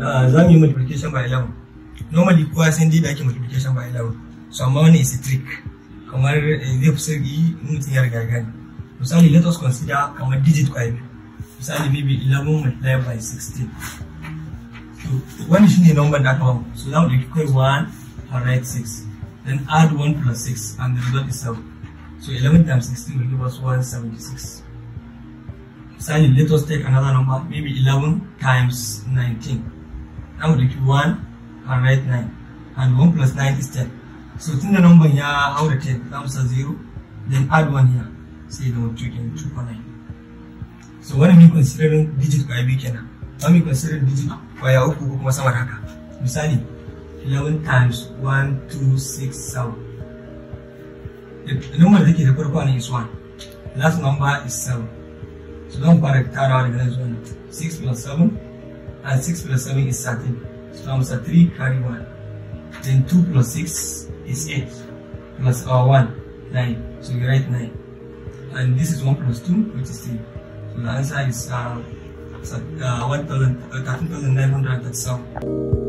Ah, za mu yi multiplication by 11 normally kowa san dai da ake multiplication by 11 so amma wani is a trick kamar eh, zai fi sauki mutum ya riga gani misali let us consider kamar digit kwaya misali maybe 11 multiplied by 16 so wani shi ne number da aka so za mu ɗauki kai 1 and write 6 then add 1 plus 6 and the result is 7 so 11 times 16 will give us 176 misali let us take another number maybe 11 times 19 now the ɗauki 1 and write 9 and 1 plus 9 is 10 so tun the number ya haura 10 za mu 0 then add 1 here the da mutu can 2 for 9 so wani we consider digit kwaya biyu kenan wani we consider digit kwaya our kuma samar haka misali 11 times 1 2 6 7 the number da ke da farko ne is 1 last number is 7 so zan fara tarawa daga nan six plus 7 and 6 plus 7 is 13. So answer 3 carry 1. Then 2 plus 6 is 8. Plus our 1, 9. So we write 9. And this is 1 plus 2, which is 3. So the answer is uh, uh, uh 13,937.